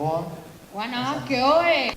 mkoa. Wanawake oye!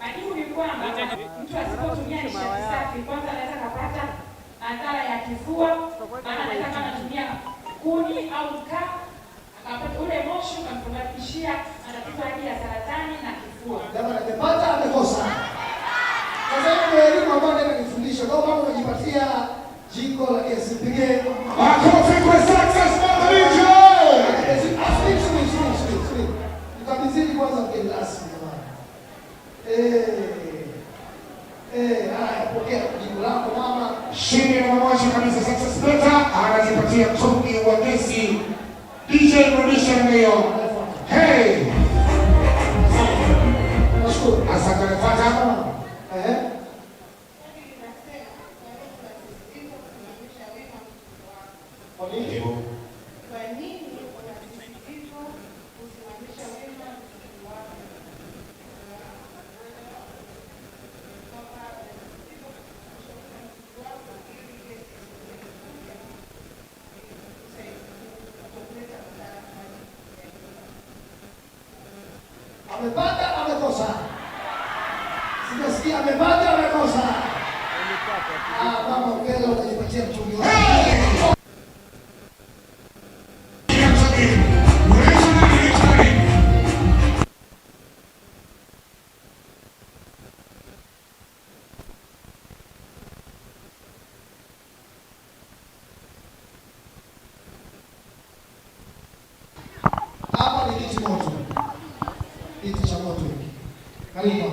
Majibu ni kwamba mtu asipotumia nishati safi, kwanza anaweza madhara ya kifua, anaweza kama anatumia kuni au mkaa, akapata ule moshi ukamsababishia matatizo hadi ya saratani na kifua. amepata amekosa. Sasa hiyo elimu ambayo kwa sababu jiko la gesi. Pige makofi kwa success mama Eh, eh, eh, haya, pokea jibu lako mama. Chini ya anazipatia mtungi wa gesi. DJ rudisha mbio చదవతుంది కలిగి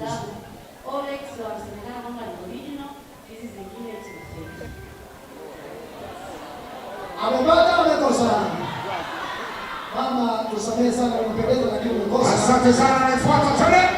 sababu Olex wamesemekana Amepata amekosa. Mama, tusamehe sana umependeza lakini umekosa. Asante sana, nafuata tena.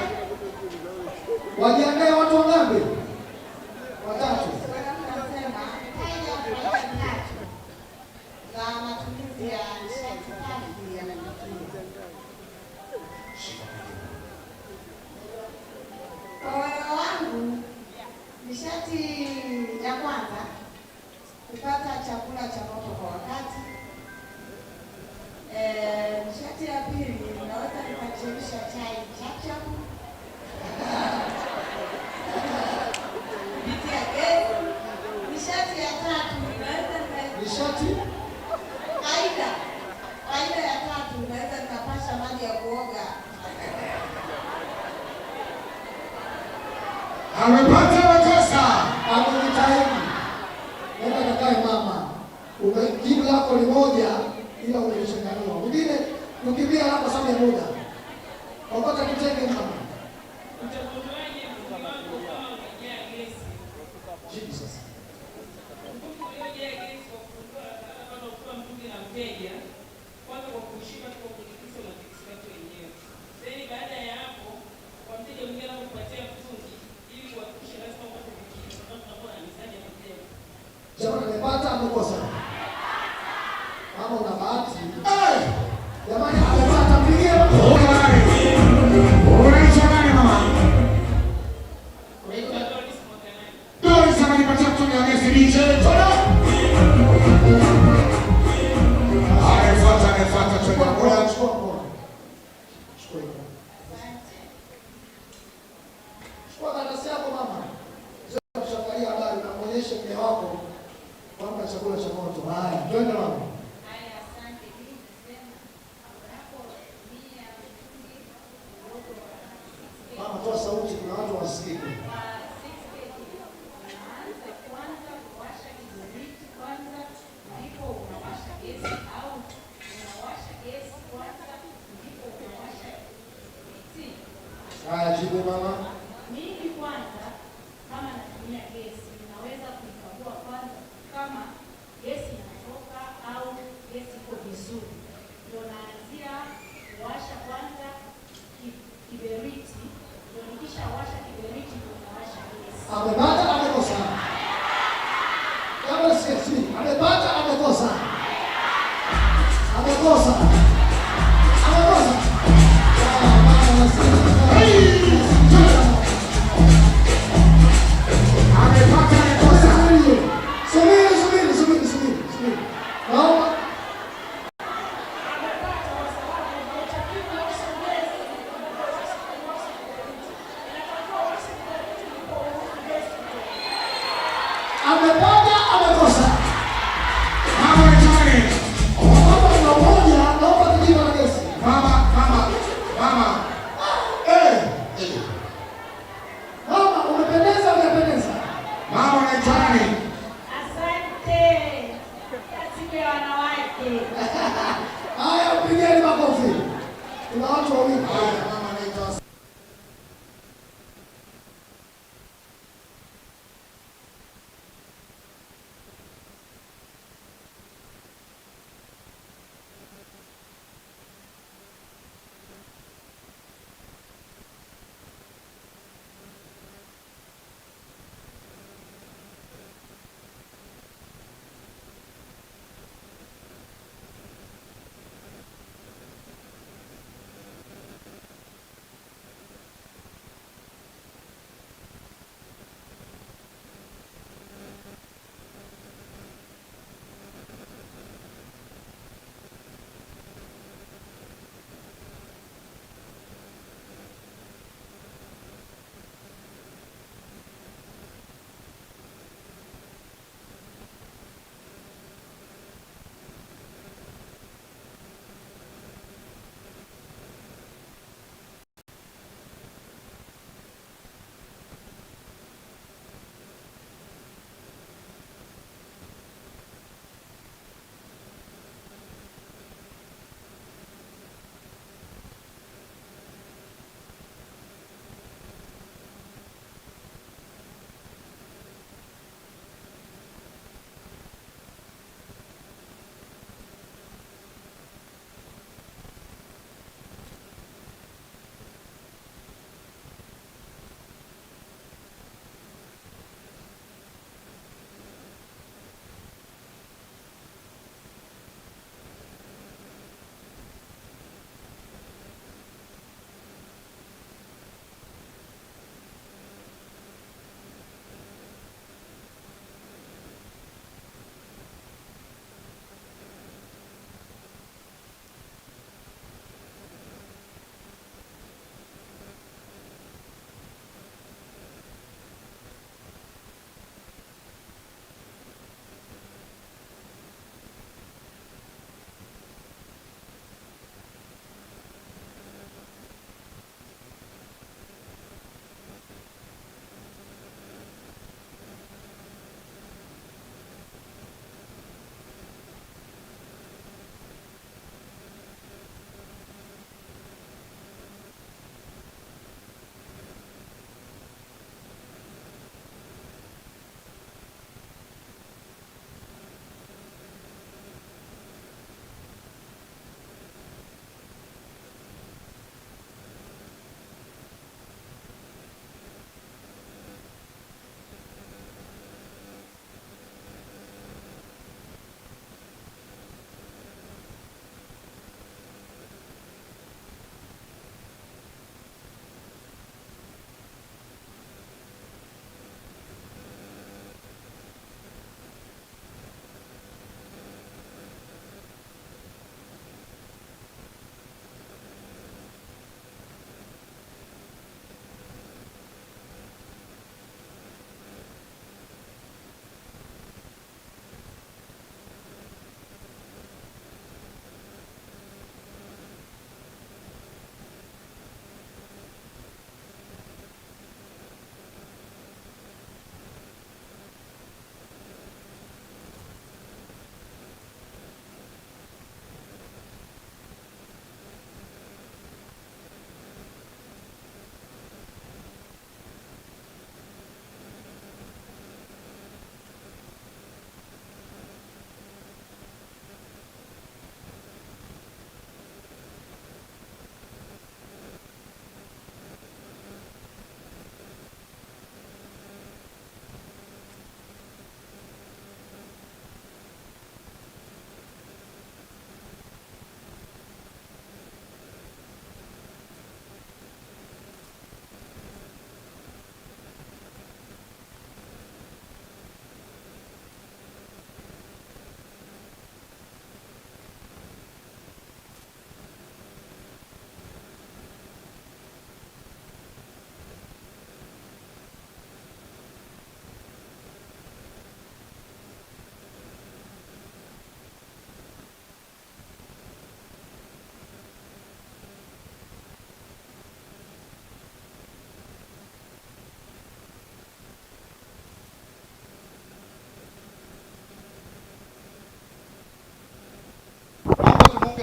nishati. Aida aida ya tatu, naweza nikapasha maji ya kuoga. Amepata makosa, amejitahidi. Nenda kakae mama, jibu lako ni moja, ila umechanganua. Mwingine ukimbia hapo, sababu ya muda wunderbar. Haya, jibu mama. Mimi kwanza kama natumia gesi naweza kuikagua kwanza kama gesi inatoka au gesi iko vizuri. Ndio naanzia kuwasha kwanza kiberiti. Ndio washa kiberiti ndio nawasha gesi. Amepata amekosa. Kama sisi amepata amekosa. Amekosa. Ah, amekosa. Amekosa.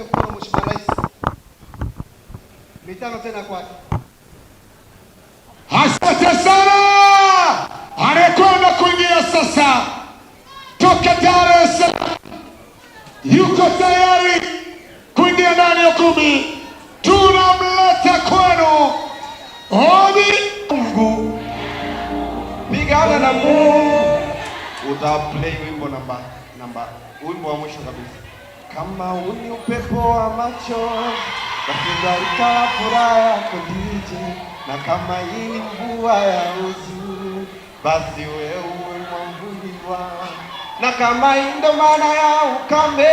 nimuunge mkono Mheshimiwa Rais, mitano tena kwake. Asante sana. Anayekwenda kuingia sasa toka Dar es Salaam yuko tayari kuingia ndani ya kumi. Tunamleta kwenu Odi Mungu. Pigana na Mungu, utaplay wimbo namba namba, wimbo wa mwisho kabisa. Kama uni upepo wa macho nakugaika furaha yako nije, na kama hii mvua ya huzuni, basi wewe mwambuliwa, na kama hii ndo maana ya ukame,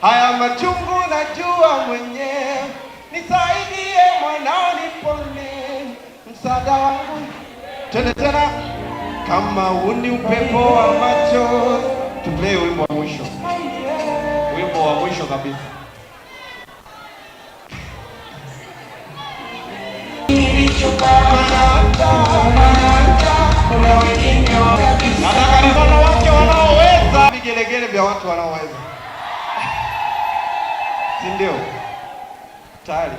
haya machungu najua mwenyewe. Nisaidie mwanao, nipone, msaada wangu. Twende tena, kama uni upepo wa macho, tupewe wako wa mwisho kabisa. Nataka nizono wake wanaoweza vigelegele vya watu wanaoweza, si ndio? Tayari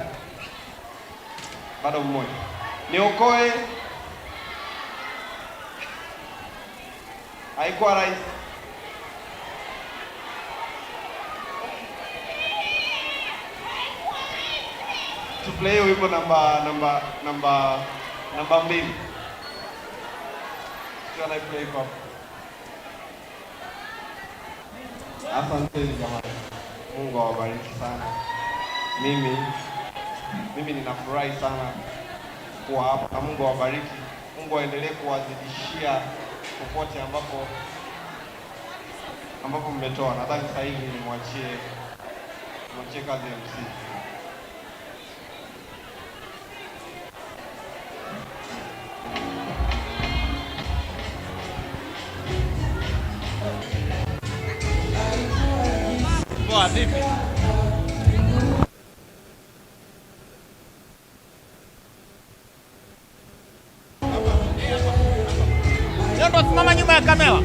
bado mmoja, niokoe haikuwa rahisi. Tupla hiyo namba namba namba namba mbili anaiplay Asanteni jamani, Mungu awabariki sana. Mimi mimi ninafurahi sana kuwa hapa na Mungu awabariki. Mungu aendelee kuwazidishia popote ambapo ambapo mmetoa. Nadhani sasa hivi nimwachie nimwachie kazi ya msingi. TV. Mama nyuma ya kamera.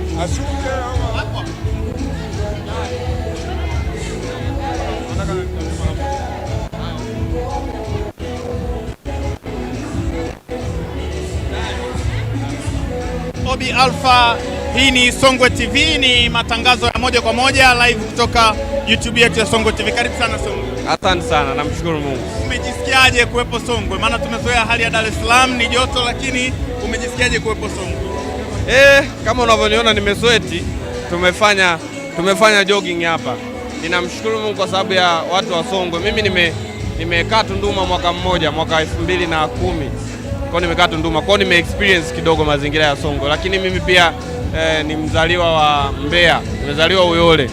Obi Alpha Hii ni Songwe TV, ni matangazo ya moja kwa moja live kutoka YouTube yetu ya Songwe TV. Karibu sana Songwe. Asante sana, namshukuru Mungu. Umejisikiaje kuwepo Songwe? Maana tumezoea hali ya Dar es Salaam ni joto, lakini umejisikiaje kuwepo Songwe? Eh, kama unavyoniona nimesweti, tumefanya tumefanya jogging hapa. Ninamshukuru Mungu kwa sababu ya watu wa Songwe. Mimi nime nimekaa Tunduma mwaka mmoja, mwaka elfu mbili na kumi kwao nimekaa Tunduma kwao, nime experience kidogo mazingira ya Songwe, lakini mimi pia eh, ni mzaliwa wa Mbeya, nimezaliwa Uyole.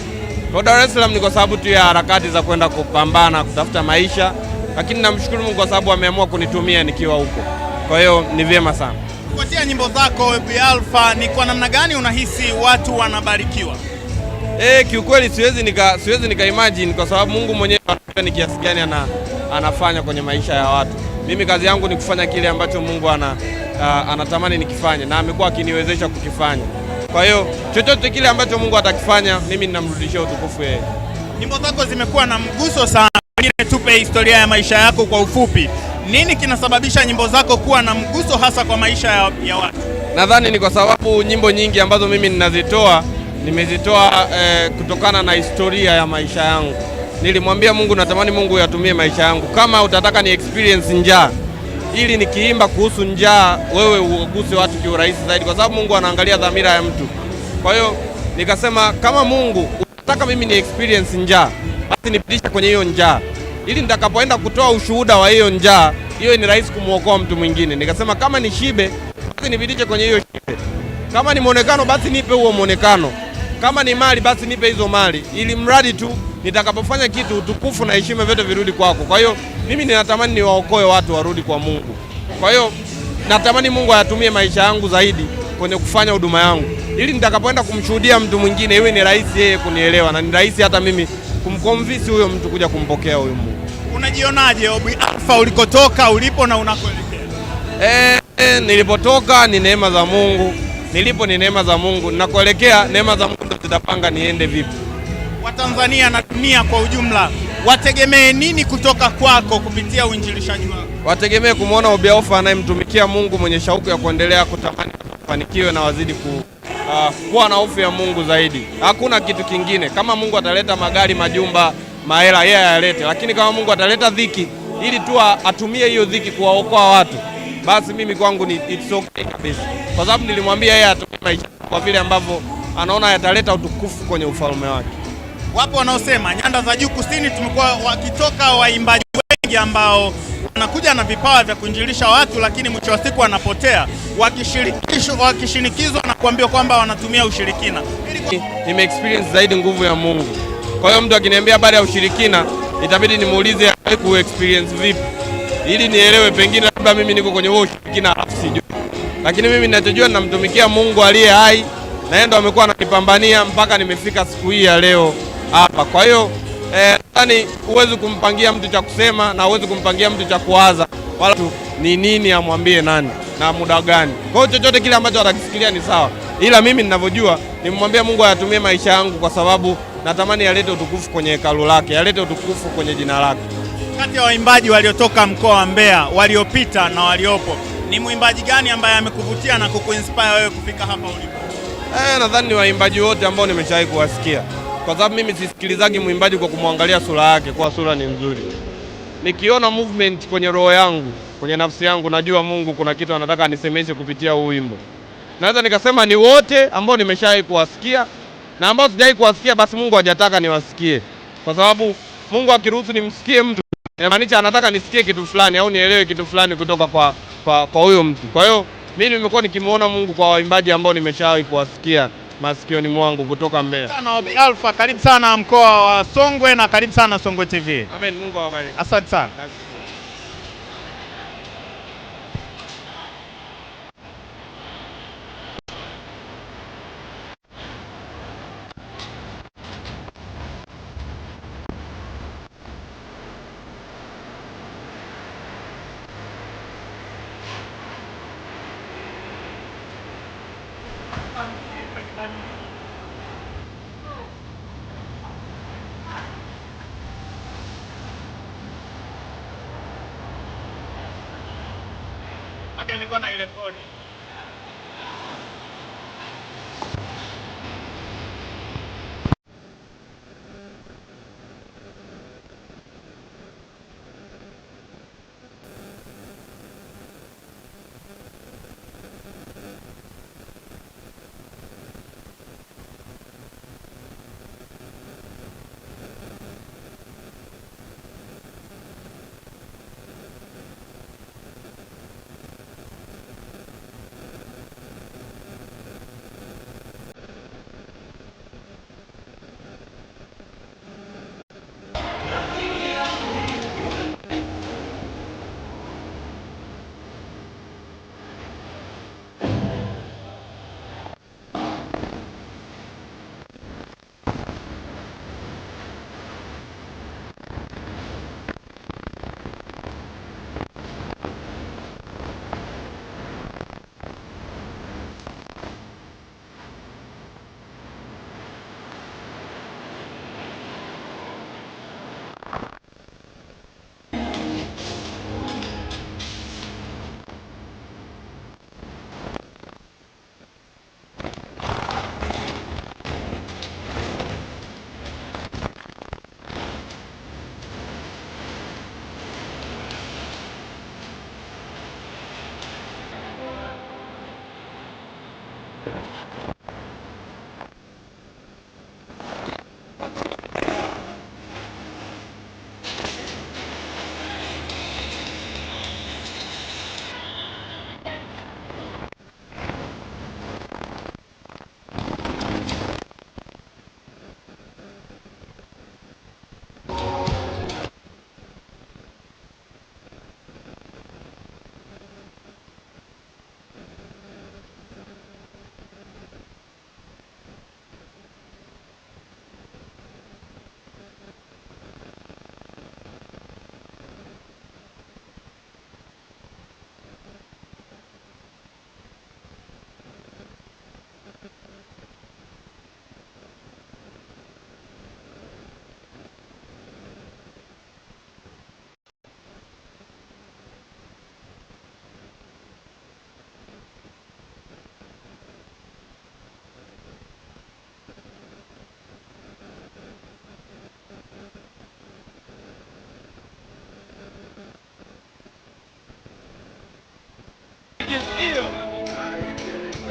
Kwa Dar es Salaam ni kwa sababu tu ya harakati za kwenda kupambana kutafuta maisha, lakini namshukuru Mungu kwa sababu ameamua kunitumia nikiwa huko, kwa hiyo ni vyema sana. Kufuatia nyimbo zako Bi Alpha, ni kwa namna gani unahisi watu wanabarikiwa? E, kiukweli siwezi nika, siwezi nika imagine kwa sababu Mungu mwenyewe anajua ni kiasi gani ana, anafanya kwenye maisha ya watu. Mimi kazi yangu ni kufanya kile ambacho Mungu ana, uh, anatamani nikifanye na amekuwa akiniwezesha kukifanya. Kwa hiyo chochote kile ambacho Mungu atakifanya mimi ninamrudishia utukufu yeye. Nyimbo zako zimekuwa na mguso sana. Pengine tupe historia ya maisha yako kwa ufupi. Nini kinasababisha nyimbo zako kuwa na mguso hasa kwa maisha ya, ya watu? Nadhani ni kwa sababu nyimbo nyingi ambazo mimi ninazitoa nimezitoa eh, kutokana na historia ya maisha yangu. Nilimwambia Mungu natamani Mungu yatumie maisha yangu, kama utataka ni experience njaa ili nikiimba kuhusu njaa, wewe uguse watu kiurahisi zaidi, kwa sababu Mungu anaangalia dhamira ya mtu. Kwa hiyo nikasema kama Mungu unataka mimi ni experience njaa, basi nipitishe kwenye hiyo njaa, ili nitakapoenda kutoa ushuhuda wa hiyo njaa, hiyo ni rahisi kumwokoa mtu mwingine. Nikasema kama ni shibe, basi nipitishe kwenye hiyo shibe, kama ni mwonekano, basi nipe huo mwonekano. Kama ni mali basi nipe hizo mali, ili mradi tu nitakapofanya kitu utukufu na heshima vyote virudi kwako. Kwa hiyo mimi ninatamani niwaokoe watu warudi kwa Mungu. Kwa hiyo natamani Mungu ayatumie maisha yangu zaidi kwenye kufanya huduma yangu, ili nitakapoenda kumshuhudia mtu mwingine iwe ni rahisi yeye kunielewa na ni rahisi hata mimi kumkomvisi huyo mtu kuja kumpokea huyo Mungu. Unajionaje Obi Alpha ulikotoka, ulipo na unakoelekea? Eh, eh, nilipotoka ni neema za Mungu nilipo ni neema za Mungu, nakuelekea neema za Mungu zitapanga niende vipi. Watanzania na dunia kwa ujumla wategemee nini kutoka kwako kupitia uinjilishaji wako? Wategemee kumwona Obiaofa anayemtumikia Mungu mwenye shauku ya kuendelea kutamani kufanikiwe na wazidi ku, uh, kuwa na hofu ya Mungu zaidi. Hakuna kitu kingine. Kama Mungu ataleta magari, majumba, mahela, yeye ayalete, lakini kama Mungu ataleta dhiki ili tu atumie hiyo dhiki kuwaokoa watu, basi mimi kwangu ni it's okay kabisa kwa sababu nilimwambia yeye atumie maisha kwa vile ambavyo anaona yataleta utukufu kwenye ufalme wake. Wapo wanaosema nyanda za juu kusini tumekuwa wakitoka waimbaji wengi ambao wanakuja na vipawa vya kuinjilisha watu, lakini mwisho wa siku wanapotea wakishinikizwa na kuambiwa kwamba wanatumia ushirikina. Nime experience zaidi nguvu ya Mungu. Kwa hiyo mtu akiniambia habari ya ushirikina, itabidi nimuulize ku experience vipi, ili nielewe, pengine labda mimi niko kwenye huo ushirikina alafu sijui lakini mimi ninachojua ninamtumikia Mungu aliye hai na yeye ndo amekuwa ananipambania mpaka nimefika siku hii ya leo hapa. Kwa hiyo eh, nadhani eh, huwezi kumpangia mtu cha kusema na huwezi kumpangia mtu cha kuwaza wala tu ni nini amwambie nani na muda gani. Kwa hiyo chochote kile ambacho atakisikilia ni sawa, ila mimi ninavyojua nimemwambia Mungu ayatumie maisha yangu, kwa sababu natamani yalete utukufu kwenye hekalu lake, yalete utukufu kwenye jina lake. Kati ya waimbaji waliotoka mkoa wa Mbeya waliopita na waliopo ni mwimbaji gani ambaye amekuvutia na kukuinspire wewe kufika hapa ulipo? Eh, nadhani ni waimbaji wote ambao nimeshawahi kuwasikia, kwa sababu mimi sisikilizagi mwimbaji kwa kumwangalia sura yake, kwa sura ni nzuri. Nikiona movement kwenye roho yangu, kwenye nafsi yangu, najua Mungu kuna kitu anataka anisemeshe kupitia huu wimbo. Naweza nikasema ni wote ambao nimeshawahi kuwasikia na ambao sijawahi kuwasikia, basi Mungu hajataka niwasikie, kwa sababu Mungu akiruhusu nimsikie mtu inamaanisha anataka nisikie kitu fulani au nielewe kitu fulani kutoka kwa kwa huyo mtu. Kwa hiyo mimi nimekuwa nikimwona Mungu kwa waimbaji ambao nimeshawahi kuwasikia masikioni mwangu kutoka Mbeya. Alpha, karibu sana mkoa wa Songwe na karibu sana Songwe TV. Amen, Mungu awabariki. Asante sana. nilikuwa na ile kodi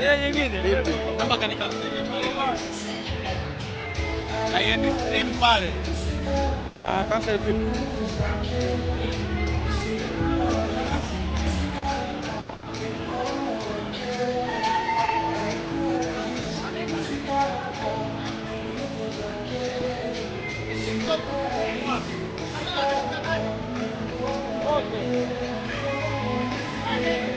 Ah, sasa hivi